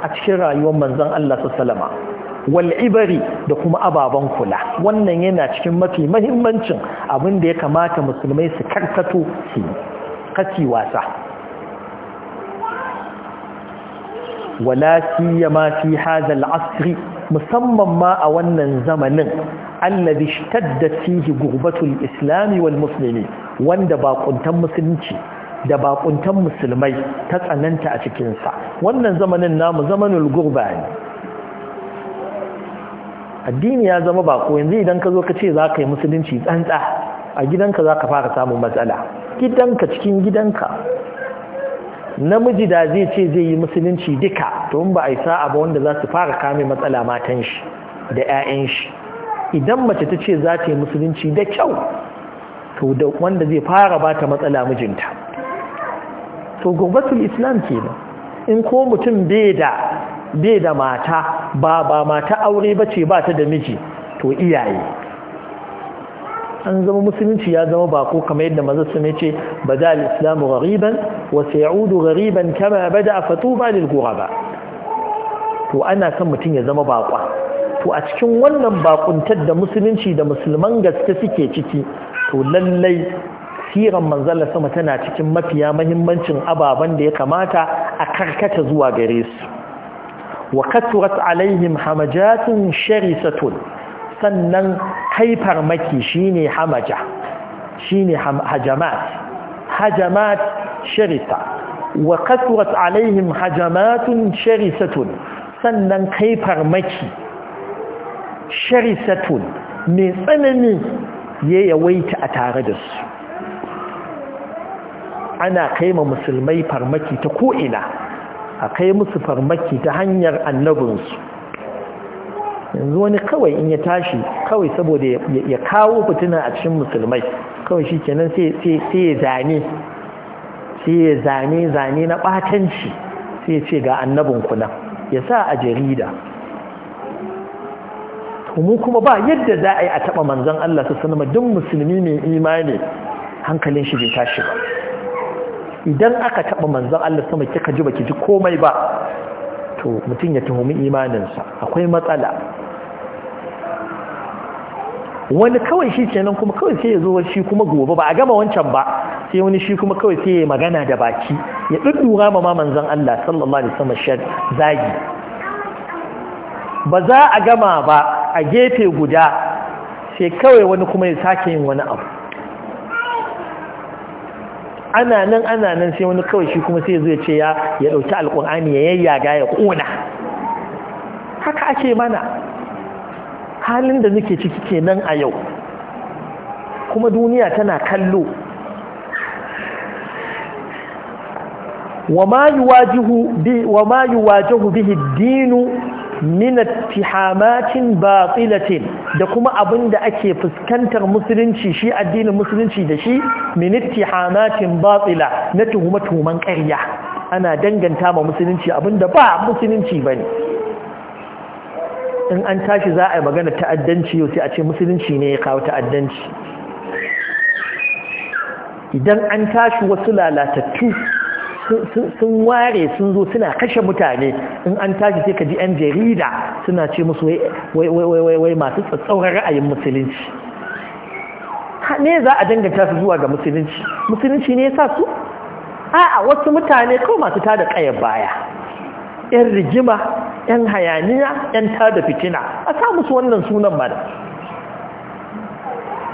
a cikin rayuwar manzon Allah sallama wal da kuma ababen kula wannan yana cikin mafi mahimmancin abin da ya kamata musulmai su karkato su kaci wasa wala siyama fi hadha al musamman ma a wannan zamanin allazi shtadda fihi gurbatul islam wal musulmi, wanda baƙuntan musulunci da baƙuntan musulmai ta tsananta a cikin sa wannan zamanin namu zamanul gurba ne addini ya zama bako yanzu idan ka zo ka ce zaka yi musulunci tsantsa a gidanka zaka fara samun matsala gidanka cikin gidanka namiji da zai ce zai yi musulunci duka to ba a yi sa'a ba wanda za su fara kame matsala matan shi da 'ya'yan shi idan mace ta ce za ta yi musulunci da kyau to da wanda zai fara ba ta matsala mijinta to gobatul islam kenan in ko mutum bai da mata ba ba mata aure bace ba ta da miji to iyaye an zama musulunci ya zama bako kamar yadda maza su ce bada al-islamu ghariban wa sayaudu ghariban kama bada fatuba lil ghuraba to ana son mutum ya zama bakwa to a cikin wannan bakuntar da musulunci da musulman gaske suke ciki to lallai siran manzala sama tana cikin mafiya mahimmancin ababen da ya kamata a karkata zuwa gare su wa katurat alaihim hamajatun sharisatun sannan kai farmaki shine hamaja shine hajamat hajamat sharita wa kasurat alaihim hajamatun sharisatun sannan kai farmaki sharisatun mai tsanani ya yawaita a tare da su ana kai kaima musulmai farmaki ta ko'ina a kai musu farmaki ta hanyar annabinsu yanzu wani kawai in ya tashi kawai saboda ya kawo fituna a cikin musulmai kawai shi kenan sai ya zane sai ya zane zane na ɓatanci sai ya ce ga annabin kuna ya sa a jarida mu kuma ba yadda za a yi a taɓa manzan Allah su sanama duk musulmi mai imani hankalin shi bai tashi ba idan aka taɓa manzan Allah sama kika ji baki ji komai ba to mutum ya tuhumi imaninsa akwai matsala wani kawai shi kenan kuma kawai sai ya zo shi kuma gobe ba a gama wancan ba sai wani shi kuma kawai sai ya magana da baki ya duddura ma manzon Allah sallallahu alaihi wasallam shar zagi ba za a gama ba a gefe guda sai kawai wani kuma ya sake yin wani abu ana nan ana nan sai wani kawai shi kuma sai ya ce ya ya dauki alkur'ani ya yayyaga ya kona haka ake mana halin da nake ciki kenan a yau kuma duniya tana kallo Wa يواجه به وما يواجه به الدين da kuma abin da ake fuskantar musulunci shi addinin musulunci da shi min ittihamatin batila na tuhuma tuhuman ƙarya ana danganta ma musulunci abin da ba musulunci bane in an tashi za a yi magana ta'addanci yau sai a ce musulunci ne ya kawo ta'addanci idan an tashi wasu lalatattu sun ware sun zo suna kashe mutane in an tashi sai ka ji 'yan jarida suna ce musu wai masu tsatsauran ra'ayin musulunci ne za a danganta su zuwa ga musulunci musulunci ne ya sa su a wasu mutane kawai masu tada kayan baya 'yan rigima 'yan hayaniya 'yan tada fitina a sa musu wannan sunan ba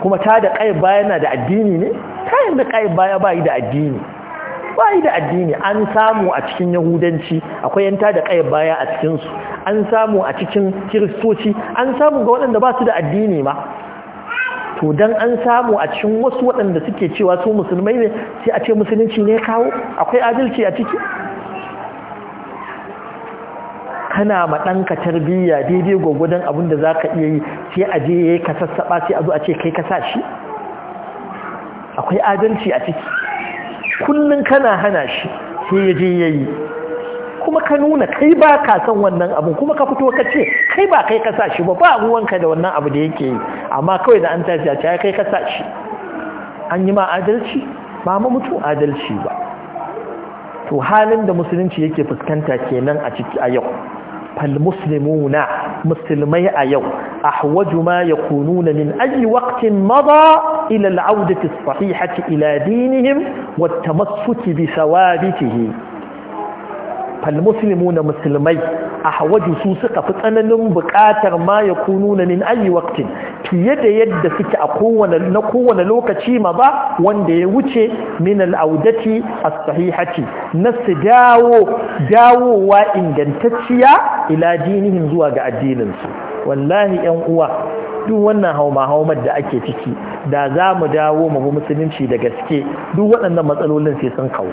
kuma tada kai baya na da addini ne ta da ƙai baya bayi da addini bayi da addini an samu a cikin yahudanci akwai 'yan tada ƙai baya a cikinsu an samu a cikin kiristoci an samu ga waɗanda ba su da addini ma to don an samu a cikin wasu waɗanda suke cewa su musulmai ne sai a ce musulunci ne kawo akwai adalci a ciki kana ma ɗanka tarbiyya daidai gwagwadon abin da za ka iya yi sai a je ya yi ka sassaɓa sai a zo a ce kai ka sa shi akwai adalci a ciki kullum kana hana shi sai ya je ya yi kuma ka nuna kai ba ka san wannan abin kuma ka fito ka ce kai ba kai ka sa shi ba ba ruwanka da wannan abu da yake yi amma kawai da an tashi a ce kai ka sa shi an yi ma adalci ba ma mutu adalci ba to halin da musulunci yake fuskanta kenan a ciki a yau فالمسلمون مسلمي أيو أحوج ما يكونون من أي وقت مضى إلى العودة الصحيحة إلى دينهم والتمسك بثوابته falmuslimu na musulmai a hawaju su suka fi tsananin bukatar ma ya kunu na nin ayyuwaktin fiye da yadda suke a kowane kowane lokaci ma ba wanda ya wuce min al'audati a sahihaci na su dawo dawowa ingantacciya ila dinihin zuwa ga addinin su wallahi yan uwa duk wannan hauma haumar da ake ciki da za mu dawo mu musulunci da gaske duk waɗannan matsalolin sai sun kawo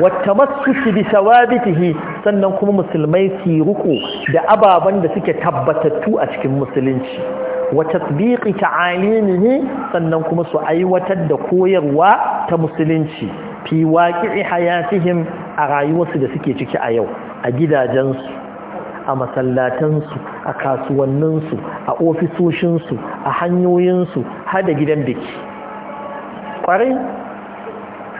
wata masuki bi sawabitihi sannan kuma musulmai su ruku da ababen da suke tabbatattu a cikin musulunci wa tasbiqi ne sannan kuma su aiwatar da koyarwa ta musulunci fi waqi'i hayatihim a rayuwarsu da suke ciki a yau a gidajensu a masallatansu a kasuwanninsu a ofisoshinsu a hanyoyinsu har da gidan biki ƙwarai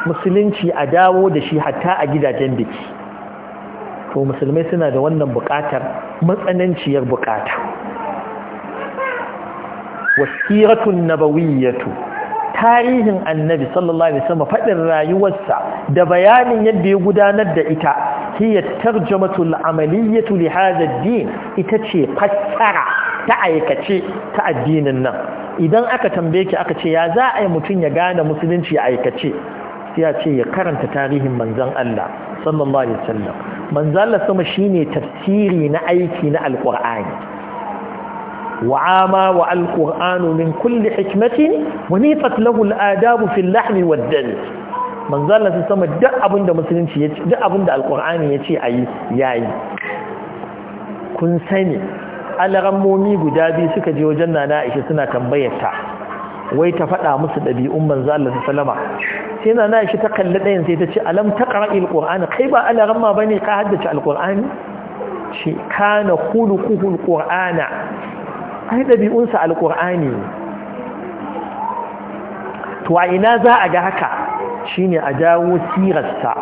musulunci a dawo da shi hatta a gidajen biki to musulmai suna da wannan buƙatar matsananciyar buƙata wasiratun nabawiyyatu tarihin annabi sallallahu alaihi wasallam faɗin rayuwarsa da bayanin yadda ya gudanar da ita hiya tarjamatul amaliyyatu li hadha ad-din ita ce fassara ta aikace ta addinin nan idan aka tambaye ki aka ce ya za a yi mutum ya gane musulunci aikace ya ce ya karanta tarihin manzan Allah sallallahu Alaihi wasallam manzan Allah sama shi ne tafsiri na aiki na alƙur'ani wa'ama wa alƙur'anu min kulli hikmatin wani fatlahu al'adabu fi lahmi wa dani manzan Allah sama duk abin da musulunci ya ce duk abin da alƙur'ani ya ce a yi kun sani alarammomi guda biyu suka je wajen nana aisha suna tambayar ta wai ta faɗa musu ɗabi'un manzo Allah salama sai na nashi ta kalli ɗayan sai ta ce alam taqra alqur'ana kai ba alaramma bane ka haddace alqur'ani shi kana khuluquhu alqur'ana ai ɗabi'un sa alqur'ani to a ina za a ga haka shine a dawo sirarsa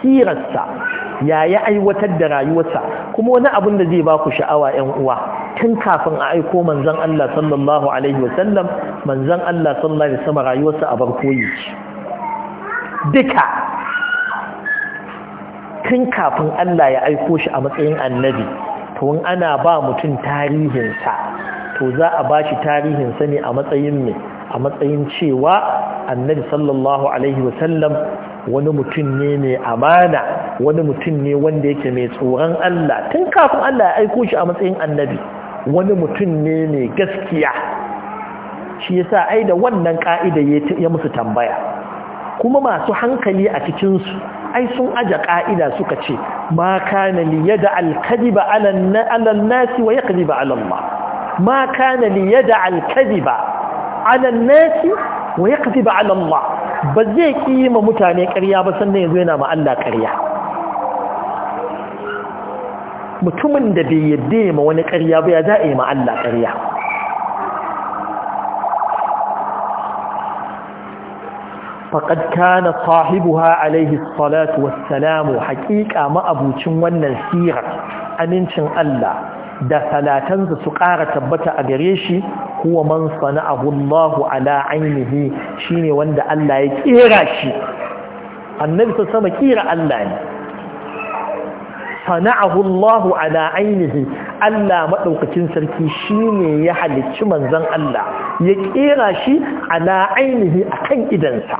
sirarsa yaya aiwatar da rayuwarsa kuma wani abun da zai ba ku sha'awa ƴan uwa tun kafin a aiko manzon Allah sallallahu alaihi wasallam manzon Allah sallallahu alaihi wasallam rayuwarsa a bar yake duka tun kafin Allah ya aiko shi a matsayin annabi to ana ba mutum tarihinsa to za a ba shi tarihinsa ne a matsayin a matsayin cewa annabi sallallahu alaihi wasallam wani mutum ne mai amana wani mutum ne wanda yake mai tsoron Allah tun kafin Allah ya aiko shi a matsayin annabi wani mutum ne mai gaskiya shi yasa ai da wannan ka'ida ya musu tambaya kuma masu hankali a cikinsu ai sun aja ka'ida suka ce ma kana li yada alkadiba ala nasi wa yaqdiba ala Allah ma kana li yada alkadiba ala nasi wa yaqdiba ala Allah ba zai kima mutane ƙarya ba sannan zo yana ma Allah ƙarya mutumin da bai yadda ma wani ƙarya ba ya za a yi ma Allah ƙarya faƙad kana sahibuha alaihi salatu wassalamu haƙiƙa ma'abucin wannan sirar amincin Allah da salatansa su ƙara tabbata a gare shi huwa man sana'ahu Allahu ala ainihi shine wanda Allah ya kera shi annabi sama kira Allah ne sana'ahu Allahu ala ainihi Allah madaukakin sarki shine ya halicci manzon Allah ya kira shi ala ainihi akan idansa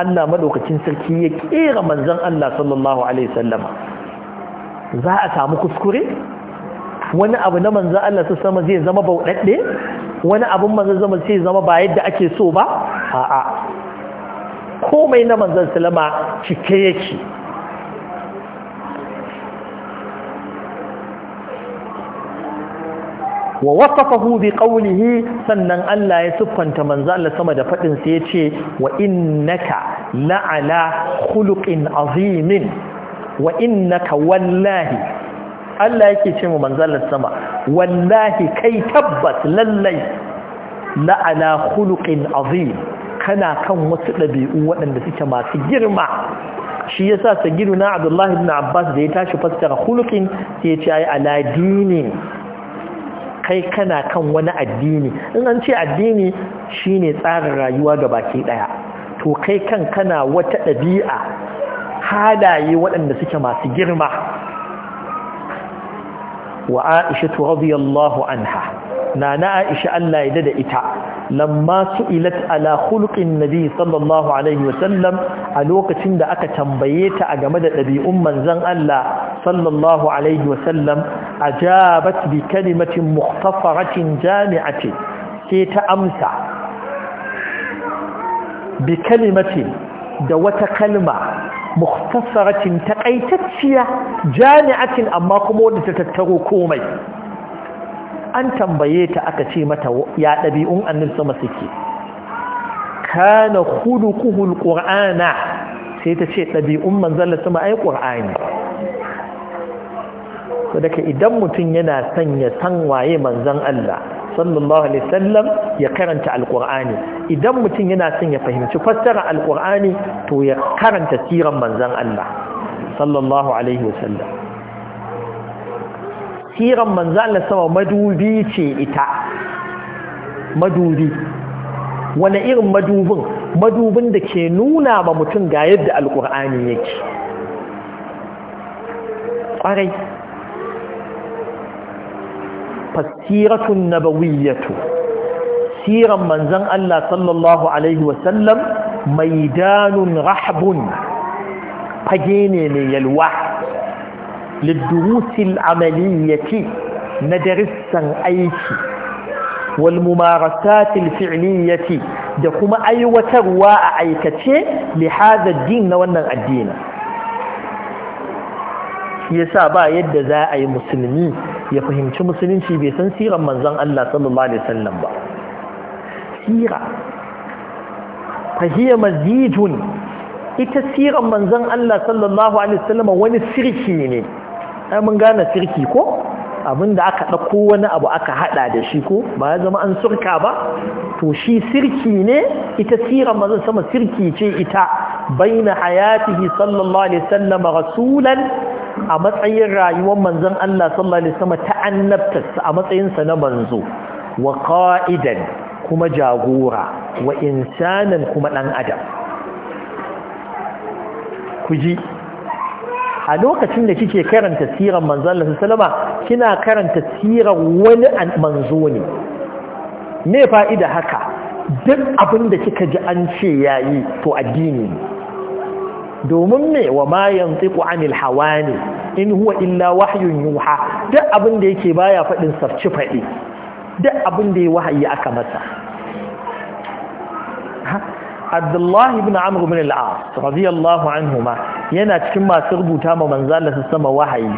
Allah madaukakin sarki ya kira manzon Allah sallallahu alaihi wasallama za a samu kuskure wani abu na manzon Allah sama zai zama bauɗaɗɗe wani abun manzon zama sai zama ba yadda ake so ba a'a komai na manzon sallama cike yake wa wasafahu bi qawlihi sannan Allah ya siffanta manzo Allah sama da fadin sa yace wa innaka la'ala khuluqin azimin wa innaka wallahi Allah yake ce mu manzo Allah sama wallahi kai tabbas lallai la'ala khuluqin azim kana kan wasu dabi'u waɗanda suke masu girma shi yasa sagiruna Abdullah ibn Abbas da ya tashi fassara khuluqin sai ya ce ai ala dinin kai kana kan wani addini in an ce addini shine tsarin rayuwa ga baki daya to kai kan kana wata ɗabi'a hadaye waɗanda suke masu girma wa aisha radiyallahu anha nana aisha Allah ya dada ita lamma su'ilat ala khuluqin nabi sallallahu alaihi wasallam a lokacin da aka tambaye ta a game da ɗabi'un manzon Allah صلى الله عليه وسلم أجابت بكلمة مختصرة جامعة كيت أمسع بكلمة دوة كلمة مختصرة تقيتتشية جامعة أما قمود تتتركومي أن تنبيت أكتيمة يا أبي أم أن نلسمسكي كان خلقه القرآن sai ta ce ɗabi'un manzalla sama ai ƙur'ani so daga idan mutum yana son ya san waye manzon Allah sallallahu alaihi wasallam ya karanta alqur'ani idan mutum yana son ya fahimci fassara alqur'ani to ya karanta siran manzon Allah sallallahu alaihi wasallam siran manzon Allah sama madubi ce ita madubi wani irin madubin madubin da ke nuna ba mutum ga yadda alkur'ani yake ƙwarai fasiratun nabawiyyatu siran manzan Allah sallallahu Alaihi wasallam maidanun rahabun fage ne mai yalwa liddurusil amaliyyati na darissan aiki walmumarasatil fi'liyyati da kuma aiwatarwa a aikace lihazar din na wannan addinin shi yasa ba yadda za a yi musulmi ya fahimci musulunci bai san siran manzon Allah sallallahu alaihi wasallam ba sira fahiya mazidun ita siran manzon Allah sallallahu alaihi wasallam wani sirki ne ai mun gane sirki ko da aka ɗauko wani abu aka haɗa da shi ko ba ya zama an surka ba to shi sirki ne ita siran manzan sama sirki ce ita baina hayatihi sallallahu alaihi wasallam rasulan a matsayin rayuwar manzon Allah sallallahu alaihi wasallam ta annabta a matsayinsa na manzo wa qa'idan kuma jagora wa insanan kuma dan adam kuji a lokacin da kike karanta sirar manzon Allah sallallahu kina karanta sirar wani manzo ne me fa'ida haka duk abin da kika ji an ce yayi to addini ne domin me wa ma yantiqu anil hawani in huwa illa wahyun yuha duk abin da yake baya fadin sarci fadi duk abin da ya wahayi aka masa Abdullah ibn Amr ibn al-As radiyallahu anhuma yana cikin masu rubuta ma manzalar sama wahayi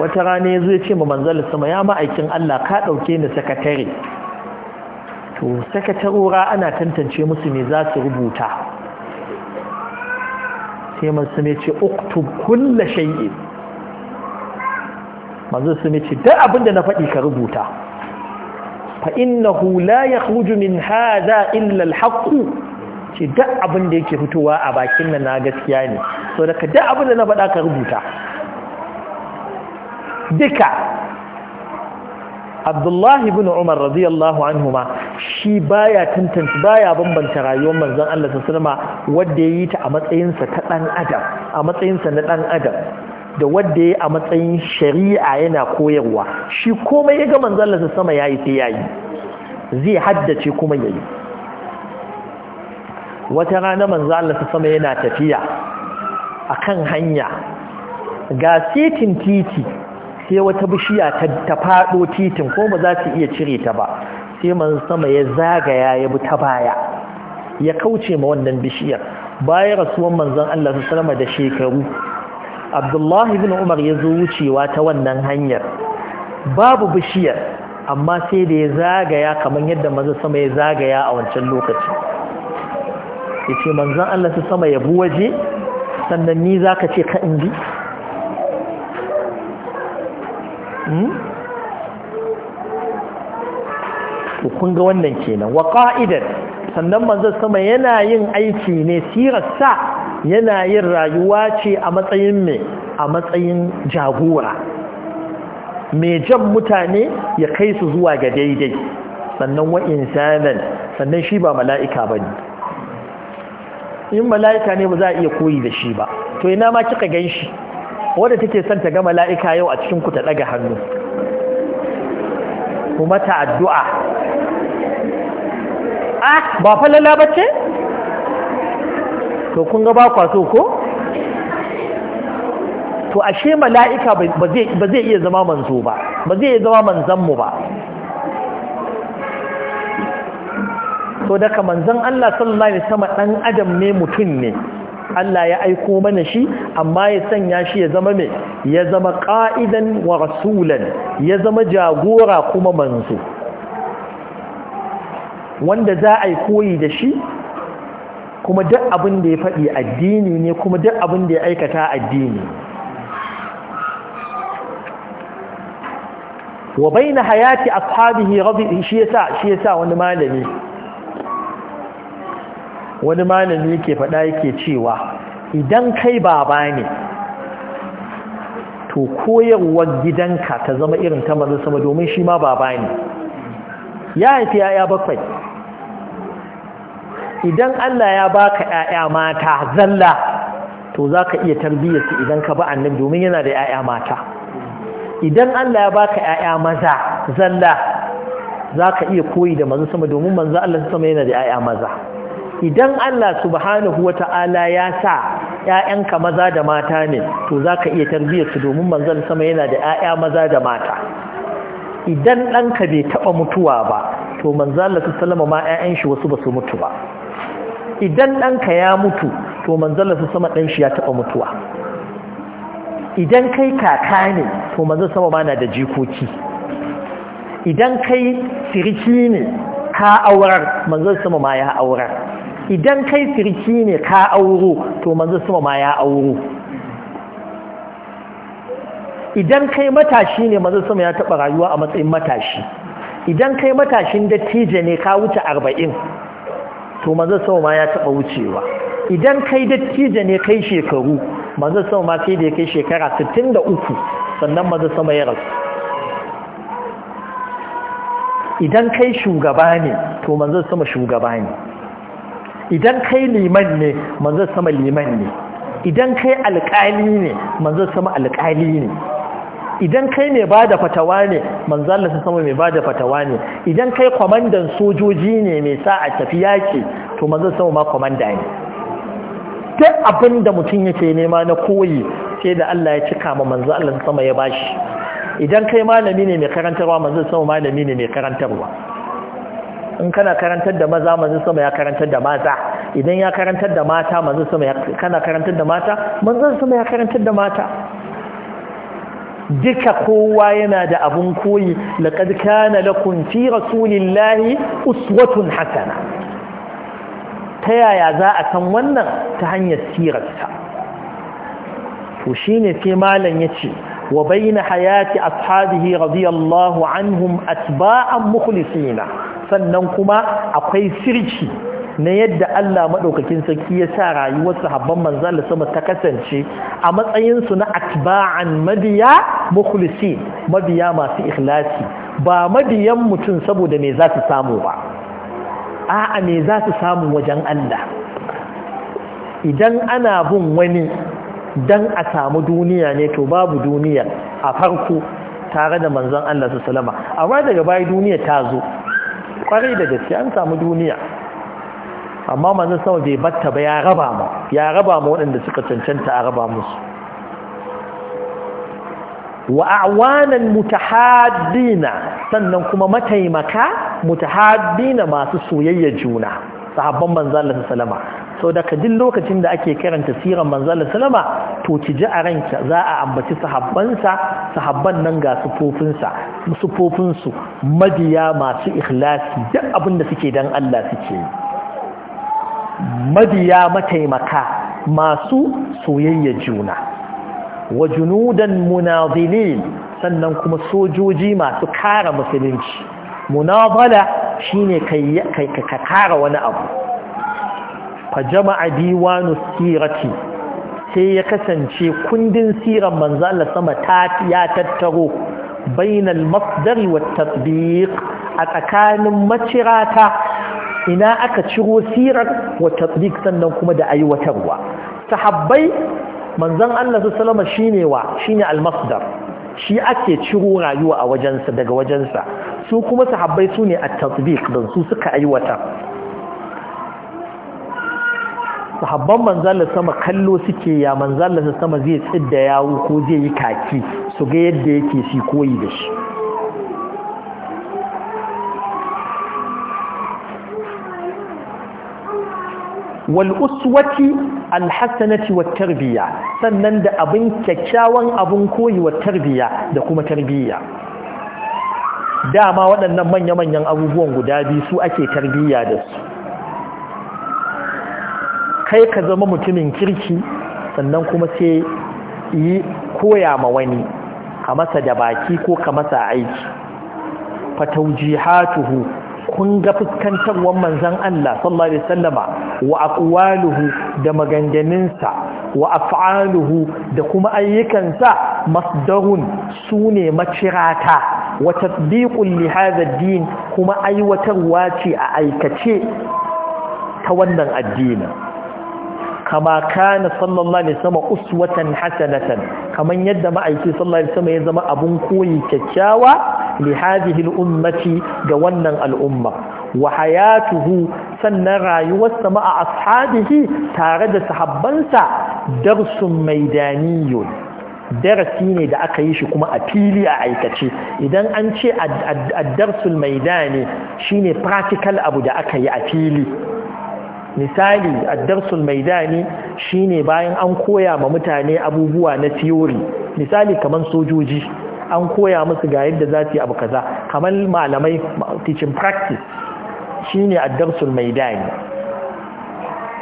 wata rana yazo ya ce ma manzalar sama ya ma'aikin Allah ka dauke ni sakatare to sakatarora ana tantance musu me za su rubuta sai man su ce uktub kulla shay'i manzo su ce da abin da na faɗi ka rubuta fa innahu la yakhruju min hadha illa alhaq haqq ce abin da yake fitowa a bakin nan na gaskiya ne so da ka da abin da na faɗa ka rubuta duka abdullahi ibn umar radiyallahu ma shi baya tantance baya bambanta rayuwar manzon Allah wasallam wanda yayi ta a matsayin sa ta dan adam a matsayin sa na dan adam da wanda yayi a matsayin shari'a yana koyarwa shi komai yaga manzon Allah wasallam yayi sai yayi zai haddace kuma yayi wata rana manzon Allah wasallam yana tafiya akan hanya ga titi sai wata bishiya ta faɗo titin ko ba za su iya cire ta ba sai man sama ya zagaya ya bi ta baya ya kauce ma wannan bishiyar bayan rasuwan manzon Allah su da shekaru abdullahi ibn umar ya zo wucewa ta wannan hanyar babu bishiyar amma sai da ya zagaya kamar yadda manzon sama ya zagaya a wancan lokaci yace manzon Allah su sama ya bi waje sannan ni za ce ka in Hmm? kun ga wannan kenan wa qa'idan sannan manzo sama yana yin aiki ne sirarsa yana yin rayuwa ce a matsayin me a matsayin jagora Me jan mutane ya kai su zuwa ga daidai sannan wa insanan sannan shi ba mala'ika bane in mala'ika ne ba za a iya koyi da shi ba to ina ma kika ganshi wadda take son ta ga mala'ika yau a cikin ku ta ɗaga hannu kuma ta addu'a ah ba falala ce? to kun ga ba kwaso ko to ashe mala'ika ba zai iya zama manzo ba ba zai iya zama manzanmu ba to daga manzan Allah sallallahu Alaihi wasallam ɗan adam ne mutum ne Allah ya aiko mana shi amma ya sanya shi ya zama mai ya zama ƙa'idan wa rasulan ya zama jagora kuma manzo wanda za a yi koyi da shi kuma duk abin da ya faɗi addini ne kuma duk abin da ya aikata addini wa bayna hayati ashabihi radhi shi yasa shi yasa wani malami wani malami yake faɗa yake cewa idan kai baba ne to koyarwar gidanka ta zama irin ta manzo sama domin shi ma baba ne ya haifi ya'ya bakwai idan Allah ya baka ya'ya mata zalla to za ka iya tarbiyyar su idan ka ba annabi domin yana da ya'ya mata idan Allah ya baka ya'ya maza zalla za ka iya koyi da maza sama domin manzo Allah sama yana da ya'ya maza idan Allah subhanahu wa ta'ala ya sa ‘ya'yanka maza da mata ne to za ka iya tarbiyyarsu domin manzan sama yana da ‘ya'ya maza da mata idan ɗanka bai taɓa mutuwa ba to manzan Allah su salama ma ‘ya'yan shi wasu ba su mutu ba idan ɗanka ya mutu to manzan Allah su sama ɗan shi ya taɓa mutuwa idan kai kaka ne to manzan sama ma na da jikoki idan kai siriki ne ka aurar manzan sama ma ya aurar idan kai sirki ne ka auro to manzo sama ma ya auro idan kai matashi ne manzo sama ya taba rayuwa a matsayin matashi idan kai matashin tije ne ka wuce arba'in to manzo sama ma ya taba wucewa idan kai tije ne kai shekaru manzo sama ma sai da ya kai shekara 63 sannan manzo sama ya rasu idan kai shugaba ne to manzo sama shugaba ne idan kai liman ne manzo sama liman ne idan kai alƙali ne manzo sama alƙali ne idan kai mai bada fatawa ne manzo Allah sama mai bada fatawa ne idan kai kwamandan sojoji ne mai sa a tafi yaki to manzo sama ma kwamanda ne duk abin da mutum yake nema na koyi sai da Allah ya cika ma manzo Allah sama ya bashi idan kai malami ne mai karantarwa manzo sama malami ne mai karantarwa in kana karantar da maza manzon sama ya karantar da mata idan ya karantar da mata manzon sama ya kana karantar da mata manzon sama ya karantar da mata duka kowa yana da abun koyi laqad kana lakum fi rasulillahi uswatun hasana ta yaya za a san wannan ta hanyar sirarsa to shine sai malam yace wa bayna hayati ashabihi radiyallahu anhum atba'an mukhlisina sannan kuma akwai sirki na yadda Allah maɗaukakin sarki ya sa rayuwar sahabban manzan da sama ta kasance a matsayin su na atba'an mabiya mukhlisi mabiya masu ikhlasi ba madiyan mutum saboda me za su samu ba a'a me za su samu wajen Allah idan ana bin wani dan a samu duniya ne to babu duniya a farko tare da manzon Allah su salama amma daga baya duniya ta zo kwarai da gaske an samu duniya amma manzon sama bai batta ba ya raba mu ya raba mu waɗanda suka cancanta a raba musu wa a'wanan mutahaddina sannan kuma mataimaka mutahaddina masu soyayya juna sahabban manzon Allah wasallam sau da kajin lokacin da ake karanta siran manzala salama to ki ji a ranka za a ambaci sahabbansa sahabban nan ga sufofinsa sufofinsu mabiya masu ikhlasi duk abinda suke don Allah suke yi mabiya mataimaka masu soyayya juna wa junudan munazilin sannan kuma sojoji masu kara musulunci munazala shine kai ka kara wani abu fa jama'a diwanu sirati sai ya kasance kundin siran manzo sama ta ya tattaro bainal masdari wat tatbiq a tsakanin macirata ina aka ciro sirar wa tatbiq sannan kuma da aiwatarwa sahabbai manzon Allah alaihi wasallam shine wa shine al-masdar shi ake ciro rayuwa a wajensa daga wajensa su kuma sahabbai sune ne at-tatbiq din su suka aiwatar. sahabban manzalla sama kallo suke ya manzalla sama zai tsidda yawo ko zai yi kaki su ga yadda yake si koyi da shi Wal'uswati Alhassanati al hasanati tarbiya sannan da abin kyakkyawan abin koyi wa tarbiya da kuma tarbiya dama waɗannan manya-manyan abubuwan guda biyu su ake tarbiya da su kai ka zama mutumin kirki sannan kuma sai yi koya ma wani ka masa da baki ko ka masa aiki fataujihatuhu kun ga fuskantarwar manzan Allah sallallahu alaihi wasallama wa aqwaluhu da maganganunsa wa af'aluhu da kuma ayyukansa masdarun sune macirata wa tatbiqun li hadha din kuma aiwatarwa ce a aikace ta wannan addinin kama kana sallallahu alaihi wasallam uswatan hasanatan kaman yadda ma'aiki sallallahu alaihi wasallam ya zama abun koyi kyakkyawa li hadhihi al-ummati ga wannan al'umma wa hayatuhu sannan rayuwarsa ma'a ashabihi tare da sahabbansa darsun Maidaniyo. darasi ne da aka yi shi kuma a fili a aikace idan an ce addarsul maidani shine practical abu da aka yi a fili misali addarsul maidani shine bayan an koya ma mutane abubuwa na theory misali kamar sojoji an koya musu ga yadda za su yi abu kaza kamar malamai teaching practice shine addarsul maidani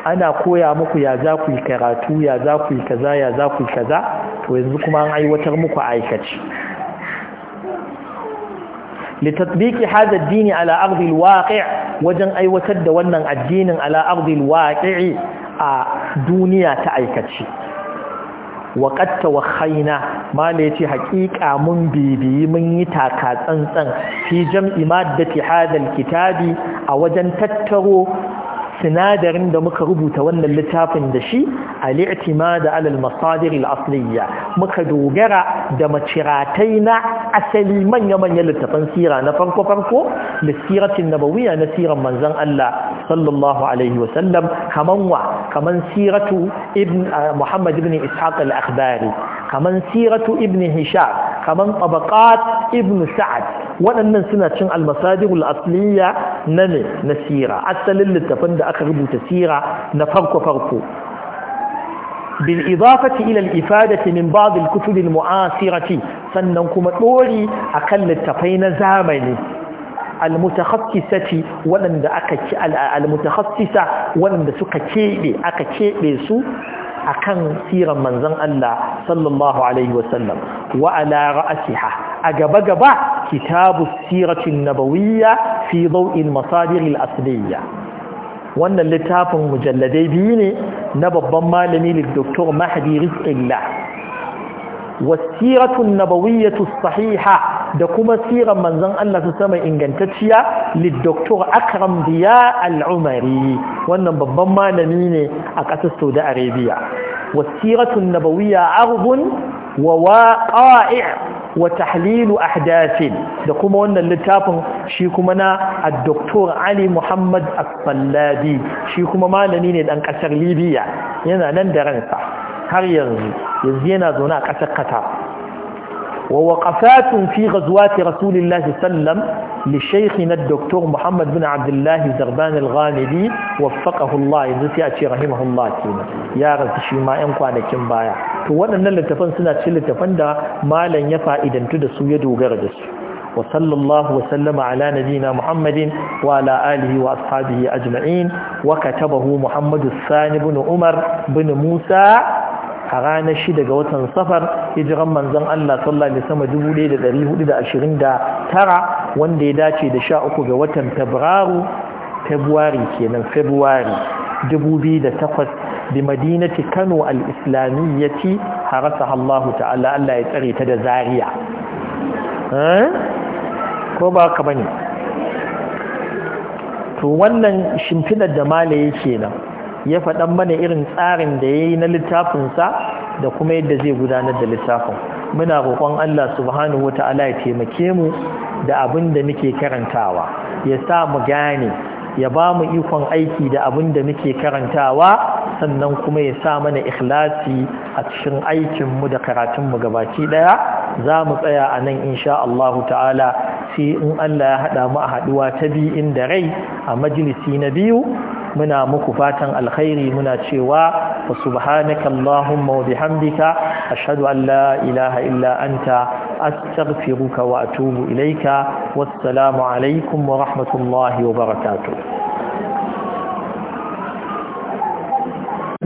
ana koya muku ya za ku yi karatu ya za ku yi kaza ya za ku yi kaza to yanzu kuma an aiwatar muku aikaci لتطبيق هذا الدين على أرض الواقع wajen aiwatar da wannan addinin ala ardil waqi'i a duniya ta aikace wa qad tawakhaina ne yace haƙiƙa mun bibiyi mun yi taka tsantsan fi jam'i maddati hadal kitabi a wajen tattaro sinadarin da muka rubuta wannan littafin da shi a itimad da alal masadir al muka dogara da maciratai na asali manya-manyan littafan sira na farko-farko da siratin nabawiyya na siran manzon Allah sallallahu alaihi wa sallam kaman wa kaman siratu ibn ah, Muhammad ibn Ishaq al-Akhbari kaman siratu ibn Hisham kamar abakat ibn sa'ad waɗannan suna cin almasadi al'asliya na ne na sira asalin littafin da aka rubuta sira na farko-farko bin izafati ilal ifadati min ba'dil kutub al mu'asirati sannan kuma dori akan littattafai na zamani al mutakhassisati waɗanda aka ci al mutakhassisa wanda suka keɓe, aka keɓe su akan siran manzon Allah sallallahu alaihi wasallam wa ala ra'siha a gaba gaba kitabu siratin nabawiyya fi daw'il masadir al asliyya wannan littafin mujalladai biyu ne na babban malami Dr. Mahdi Rizqillah wasiratun nabawiyyatu sahiha da kuma siran manzon Allah su sama ingantacciya doktor akram al al'umari wannan babban malami ne a ƙasar saudi arabia wasiratun nabawiyya arbun wa waƙa'i wa tahlilu ahdath da kuma wannan littafin shi kuma na al-doktor Ali Muhammad as sallabi shi kuma malami ne dan kasar Libya yana nan da ransa har yanzu yanzu yana zaune a ƙasar kata wa waqafatun fi ghazwati rasulillahi sallam li shaykhina ad-doktor Muhammad bin Abdullah Zarban al ghalibi waffaqahu Allah yanzu sai a ce rahimahullah kenan ya rasu shi ma ƴan kwanakin baya to waɗannan littafan suna cikin littafan da malam ya fa'idantu da su ya dogara da su وصلى ala وسلم muhammadin wa alihi wa ashabihi ajma'in wa katabahu muhammadu sani bin umar bin musa. a ranar shi daga watan safar hijiran manzon Allah sallallahu alaihi wasallam 1429 wanda ya dace da 13 ga watan Fabrairu February kenan February 2008 bi madinati Kano al-Islamiyyati harasaha Allah ta'ala Allah ya tsare ta da Zaria eh? ko ba ka bane to wannan shimfidar da malaye kenan ya faɗan mana irin tsarin da ya yi na littafinsa da kuma yadda zai gudanar da littafin muna roƙon Allah subhanahu wa ta'ala ya taimake mu da abin da muke karantawa ya sa mu gane ya ba mu ikon aiki da abin da muke karantawa sannan kuma ya sa mana ikhlasi a cikin aikinmu da karatunmu gabaki daya za mu tsaya a nan insha Allahu ta'ala sai in Allah ya haɗa mu a haɗuwa ta biyu inda rai a majalisi na biyu muna muku fatan alkhairi muna cewa wa subhanaka allahumma wa bihamdika ashhadu an la ilaha illa anta astaghfiruka wa atubu ilayka wassalamu alaikum wa rahmatullahi wa barakatuh